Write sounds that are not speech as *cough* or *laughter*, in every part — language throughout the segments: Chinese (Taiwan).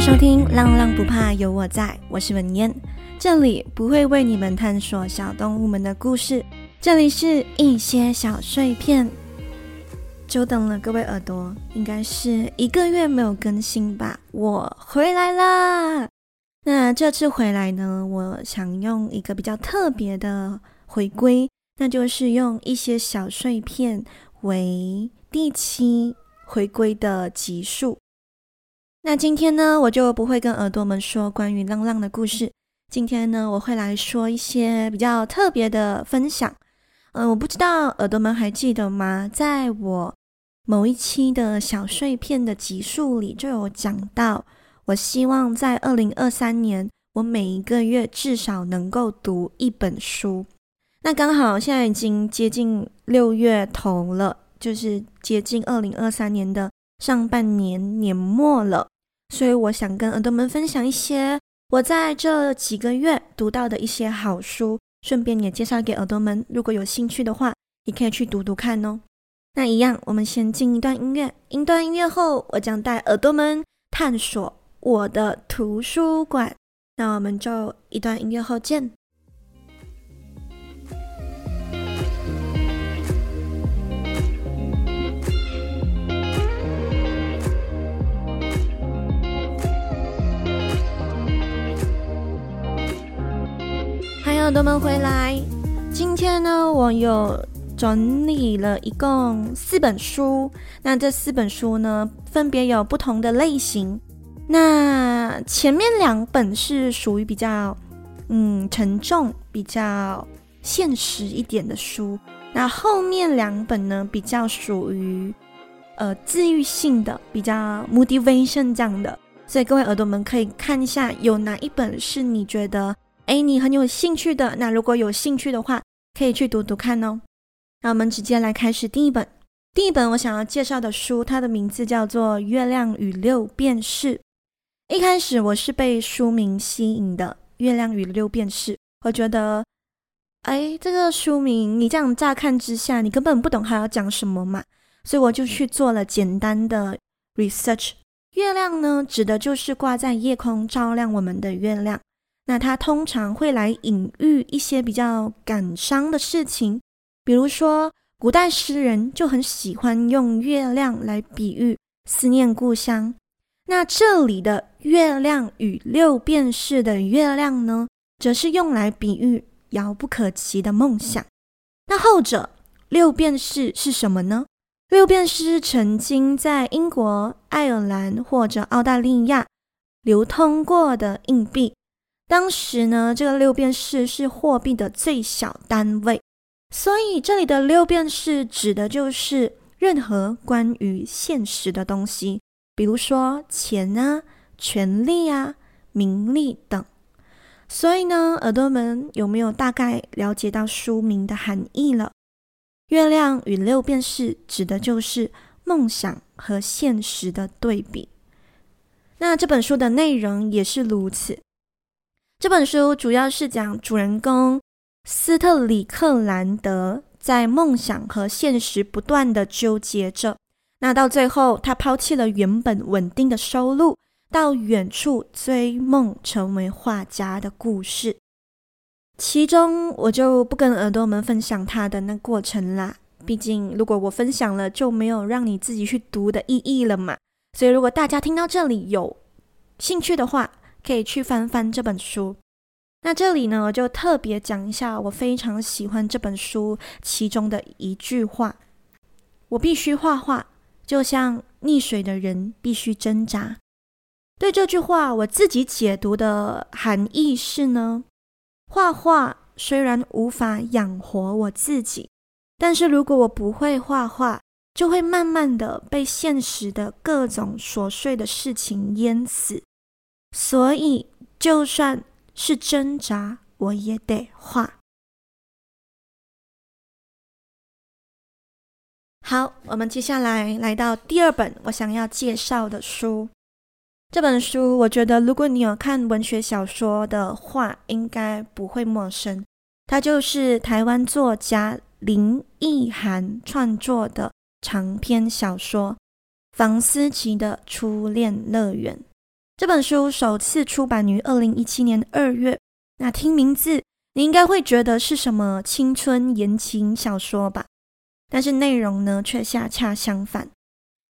收聽浪浪不怕有我在，我是文嫣。這裡不會為你們探索小動物們的故事，這裡是一些小碎片。久等了各位耳朵，應該是一個月沒有更新吧？我回來啦！那這次回來呢，我想用一個比較特別的回歸，那就是用一些小碎片為第七回歸的集數。那今天呢，我就不會跟耳朵們說關於浪浪的故事。今天呢，我會來說一些比較特別的分享。嗯、呃，我不知道耳朵們還記得嗎？在我某一期的小碎片的集數裡，就有講到，我希望在二零二三年，我每一個月至少能夠讀一本書。那剛好現在已經接近六月頭了，就是接近二零二三年的。上半年年末了，所以我想跟耳朵們分享一些我在這幾個月讀到的一些好書，順便也介紹給耳朵們。如果有興趣的話，你可以去讀讀看哦。那一樣，我們先進一段音樂，一段音樂後，我將帶耳朵們探索我的圖書館。那我們就一段音樂後見。耳朵們回來，今天呢，我有整理了一共四本書。那這四本書呢，分別有不同的類型。那前面兩本是屬於比較嗯沉重，比較現實一點的書。那後面兩本呢，比較屬於呃治癒性的，比較 motivation 這樣的。所以各位耳朵們可以看一下，有哪一本是你覺得，哎，你很有興趣的。那如果有興趣的話，可以去讀讀看哦。那我們直接來開始第一本。第一本我想要介紹的書，它的名字叫做《月亮與六便士》。一開始我是被書名吸引的，《月亮與六便士》，我覺得，哎，這個書名你這樣乍看之下，你根本不懂它要講什麼嘛。所以我就去做了簡單的 research。月亮呢，指的就是掛在夜空照亮我們的月亮。那它通常會來隱喻一些比較感傷的事情，比如說古代詩人就很喜歡用月亮來比喻思念故鄉。那這裡的月亮與六便士的月亮呢，則是用來比喻遙不可及的夢想。那後者六便士是什麼呢？六便士是曾經在英國、愛爾蘭或者澳大利亞流通過的硬幣。當時呢，這個六便士是貨幣的最小單位，所以這裡的六便士指的就是任何關於現實的東西，比如說錢啊、權力啊、名利等。所以呢，耳朵們有沒有大概了解到書名的含義了？月亮與六便士指的就是夢想和現實的對比。那這本書的內容也是如此。這本書主要是講主人公斯特里克蘭德在夢想和現實不斷的糾結着，那到最後他拋棄了原本穩定的收入，到遠處追夢成為畫家的故事。其中我就不跟耳朵們分享他的那過程啦，畢竟如果我分享了就沒有讓你自己去讀的意義了嘛。所以如果大家聽到這裡有興趣的話。可以去翻翻這本書。那這裡呢，我就特別講一下，我非常喜歡這本書其中的一句話：“我必須畫畫，就像溺水的人必須掙扎。”對這句話，我自己解讀的含義是呢：畫畫雖然無法養活我自己，但是如果我不會畫畫，就會慢慢的被現實的各種瑣碎的事情淹死。所以，就算是掙扎，我也得畫。好，我們接下來來到第二本我想要介紹的書。這本書，我覺得如果你有看文學小說的話，應該不會陌生。它就是台灣作家林奕含創作的長篇小說《房思琪的初戀樂園》。這本書首次出版於二零一七年二月。那聽名字，你應該會覺得是什麼青春言情小說吧？但是內容呢，卻恰恰相反。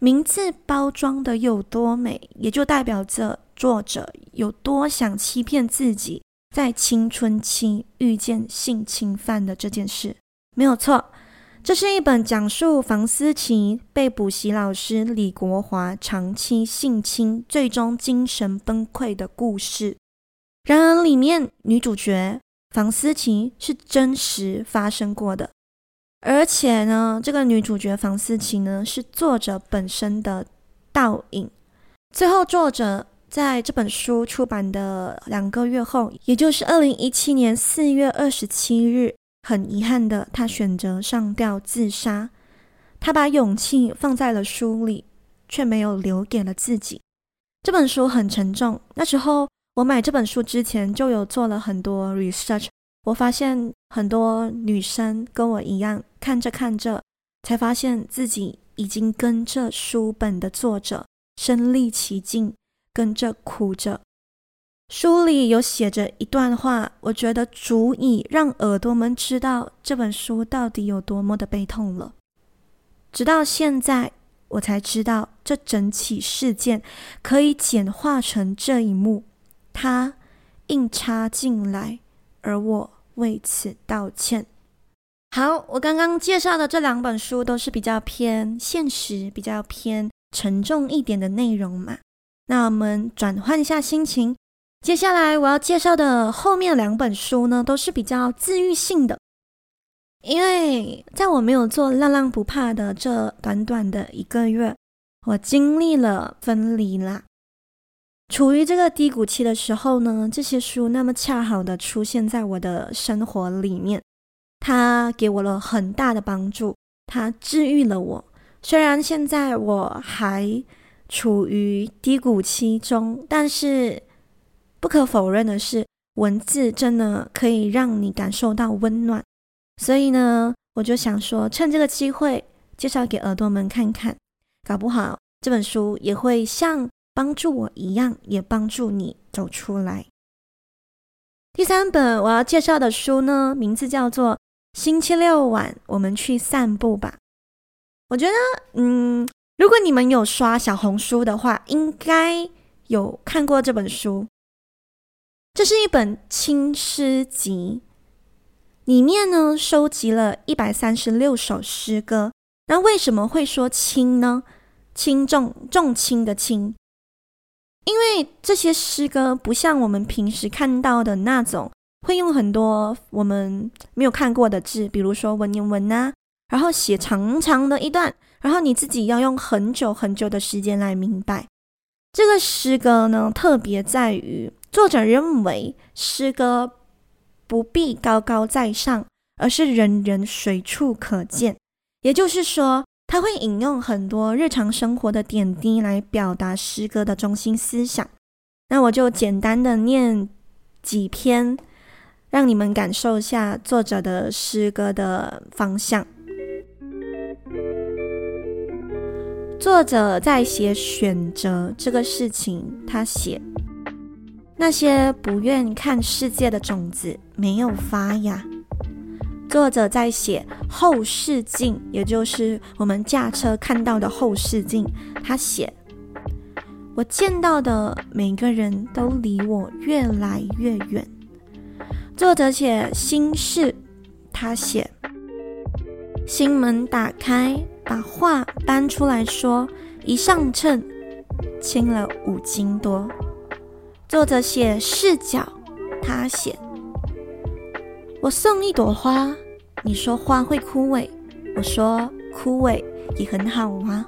名字包裝得有多美，也就代表着作者有多想欺騙自己，在青春期遇見性侵犯的這件事，沒有錯。這是一本講述房思琪被補習老師李國華長期性侵，最終精神崩潰的故事。然而，裡面女主角房思琪是真實發生過的，而且呢，這個女主角房思琪呢是作者本身的倒影。最後，作者在這本書出版的兩個月後，也就是二零一七年四月二十七日。很遺憾的，他選擇上吊自殺。他把勇氣放在了書裡，卻沒有留給了自己。這本書很沉重。那時候我買這本書之前就有做了很多 research，我發現很多女生跟我一樣，看着看着，才發現自己已經跟着書本的作者身歷其境，跟着哭着。書裡有寫着一段話，我覺得足以讓耳朵們知道這本書到底有多麼的悲痛了。直到現在，我才知道這整起事件可以簡化成這一幕：他硬插進來，而我為此道歉。好，我剛剛介紹的這兩本書都是比較偏現實、比較偏沉重一點的內容嘛，那我們轉換一下心情。接下來我要介紹的後面兩本書呢，都是比較治癒性的。因為在我沒有做浪浪不怕的這短短的一個月，我經歷了分離啦，處於這個低谷期的時候呢，這些書那麼恰好的出現在我的生活裡面，它給我了很大的幫助，它治癒了我。雖然現在我還處於低谷期中，但是。不可否認的是，文字真的可以讓你感受到溫暖。所以呢，我就想說，趁這個機會介紹給耳朵們看看，搞不好這本書也會像幫助我一樣，也幫助你走出來。第三本我要介紹的書呢，名字叫做《星期六晚我們去散步吧》。我覺得，嗯，如果你們有刷小紅書的話，應該有看過這本書。這是一本輕詩集，裡面呢，收集了一百三十六首詩歌。那為什麼會說“輕”呢？輕重重輕的“輕”，因為這些詩歌不像我們平時看到的那種，會用很多我們沒有看過的字，比如說文言文啊，然後寫長長的一段，然後你自己要用很久很久的時間來明白。這個詩歌呢，特別在於。作者認為詩歌不必高高在上，而是人人隨處可見。也就是說，他會引用很多日常生活的點滴來表達詩歌的中心思想。那我就簡單的念幾篇，讓你們感受一下作者的詩歌的方向。作者在寫選擇這個事情，他寫。那些不願看世界的種子沒有發芽。作者在寫後視鏡，也就是我們駕車看到的後視鏡。他寫：“我見到的每個人都離我越來越遠。”作者寫心事，他寫：“心門打開，把話搬出來說，一上秤輕了五斤多。”作者寫視角，他寫，我送一朵花，你說花會枯萎，我說枯萎也很好嗎？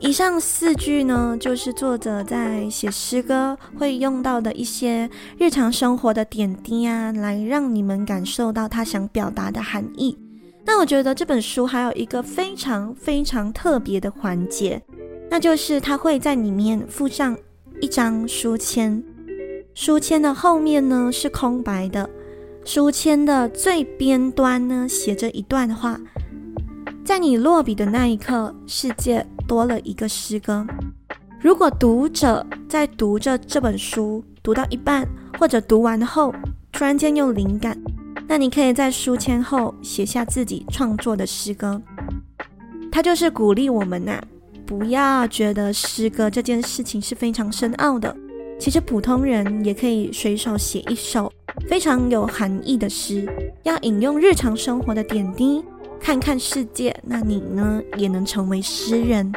以上四句呢，就是作者在寫詩歌會用到的一些日常生活的點滴啊，來讓你們感受到他想表達的含義。那我覺得這本書還有一個非常非常特別的環節，那就是他會在裡面附上一張書籤。書籤的後面呢是空白的，書籤的最邊端呢寫着一段話：在你落筆的那一刻，世界多了一個詩人。如果讀者在讀着這本書讀到一半或者讀完後突然間有靈感，那你可以在書籤後寫下自己創作的詩歌。它就是鼓勵我們吶、啊，不要覺得詩歌這件事情是非常深奧的。其實普通人也可以隨手寫一首非常有含義的詩，要引用日常生活的點滴，看看世界。那你呢，也能成為詩人。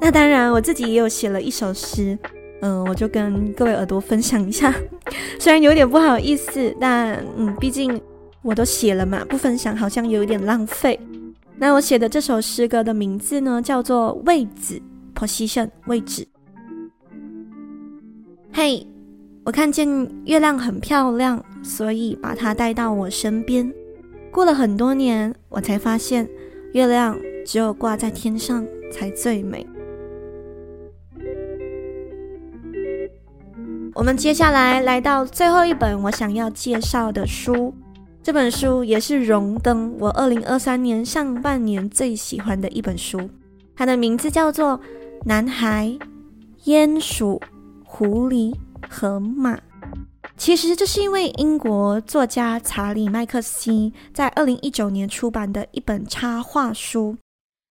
那當然，我自己也有寫了一首詩，嗯、呃，我就跟各位耳朵分享一下。雖然有點不好意思，但嗯，畢竟我都寫了嘛，不分享好像有點浪費。那我寫的這首詩歌的名字呢，叫做位置 （Position），位置。嘿、hey，我看見月亮很漂亮，所以把它帶到我身邊。過了很多年，我才發現，月亮只有掛在天上才最美。 *noise* 我們接下來來到最後一本我想要介紹的書，這本書也是榮登我二零二三年上半年最喜歡的一本書。它的名字叫做《男孩鼴鼠》。狐狸和馬，其實這是一位英國作家查理·麥克西在二零一九年出版的一本插畫書，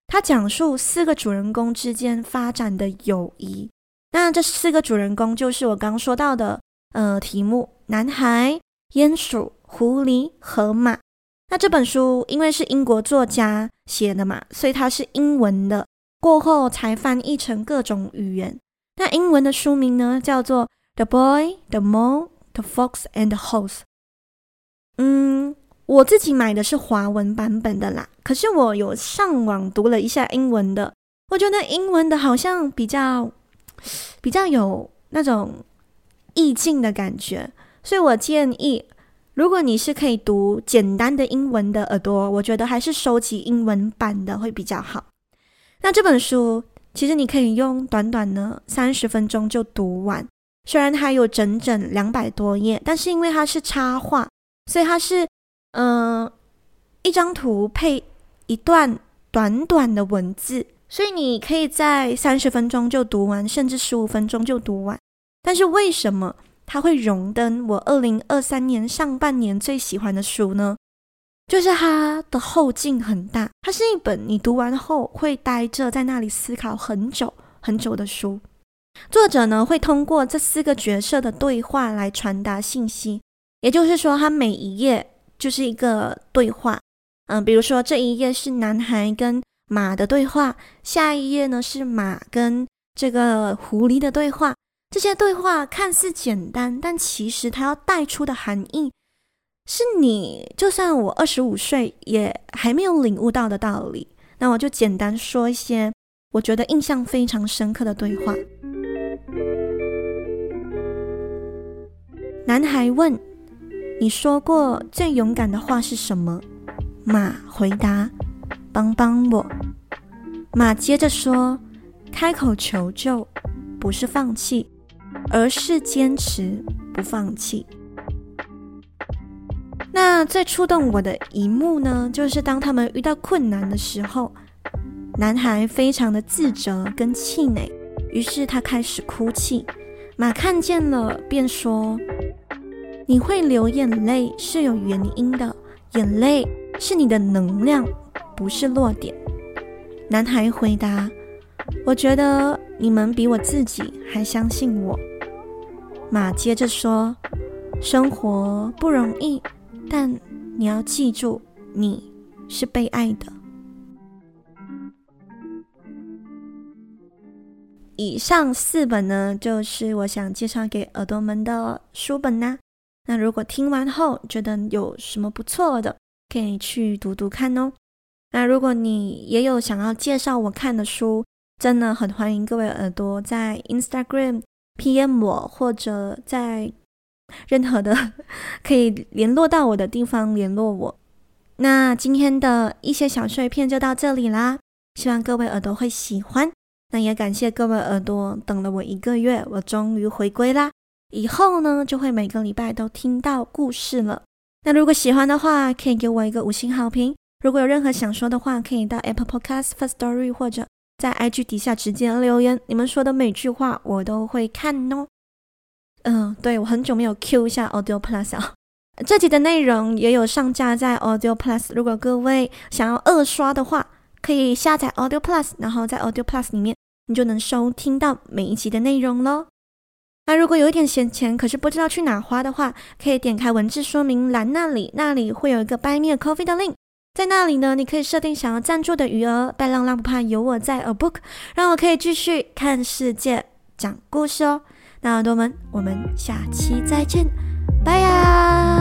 它講述四個主人公之間發展的友誼。那這四個主人公就是我剛說到的，呃，題目：男孩、鼴鼠、狐狸和馬。那這本書因為是英國作家寫的嘛，所以它是英文的，過後才翻譯成各種語言。那英文的書名呢，叫做《The Boy, the Mole, the Fox and the Horse》。嗯，我自己買的是華文版本的啦。可是我有上網讀了一下英文的，我覺得英文的好像比較比較有那種意境的感覺。所以我建議，如果你是可以讀簡單的英文的耳朵，我覺得還是收集英文版的會比較好。那這本書，其實你可以用短短的三十分鐘就讀完，雖然它有整整兩百多頁，但是因為它是插畫，所以它是，嗯、呃，一張圖配一段短短的文字，所以你可以在三十分鐘就讀完，甚至十五分鐘就讀完。但是為什麼它會榮登我二零二三年上半年最喜歡的書呢？就是它的後勁很大，它是一本你讀完後會呆着在那裡思考很久很久的書。作者呢會通過這四個角色的對話來傳達信息，也就是說，他每一頁就是一個對話。嗯，比如說這一頁是男孩跟馬的對話，下一頁呢是馬跟這個狐狸的對話。這些對話看似簡單，但其實它要帶出的含義。是你，就算我二十五歲也還沒有領悟到的道理。那我就簡單說一些我覺得印象非常深刻的對話。男孩問：“你說過最勇敢的話是什麼？”馬回答：“幫幫我。”馬接着說：“開口求救，不是放棄，而是堅持不放棄。”那最觸動我的一幕呢，就是當他們遇到困難的時候，男孩非常的自責跟氣餒，於是他開始哭泣。馬看見了，便說：“你會流眼淚是有原因的，眼淚是你的能量，不是弱點。”男孩回答：“我覺得你們比我自己還相信我。”馬接着說：“生活不容易。”但你要記住，你是被愛的。以上四本呢，就是我想介紹給耳朵們的書本啦、啊。那如果聽完後覺得有什麼不錯的，可以去讀讀看哦。那如果你也有想要介紹我看的書，真的很歡迎各位耳朵在 Instagram PM 我或者在。任何的可以聯絡到我的地方聯絡我。那今天的一些小碎片就到這裡啦，希望各位耳朵會喜歡。那也感謝各位耳朵等了我一個月，我終於回歸啦。以後呢就會每個禮拜都聽到故事了。那如果喜歡的話，可以給我一個五星好評。如果有任何想說的話，可以到 Apple Podcast Firstory 或者在 IG 底下直接留言，你們說的每句話我都會看哦。嗯，對，我很久沒有 Q 一下 Audio Plus 啊、哦。這集的內容也有上架在 Audio Plus，如果各位想要二刷的話，可以下載 Audio Plus，然後在 Audio Plus 裡面，你就能收聽到每一集的內容嘍。那如果有一點閒錢，可是不知道去哪花的話，可以點開文字說明欄那裡，那裡會有一個 Buy Me a Coffee 的 link，在那裡呢，你可以設定想要贊助的餘額。Buy 浪浪不怕有我在，A Book 讓我可以繼續看世界講故事哦。那我們，我們下期再見，拜呀。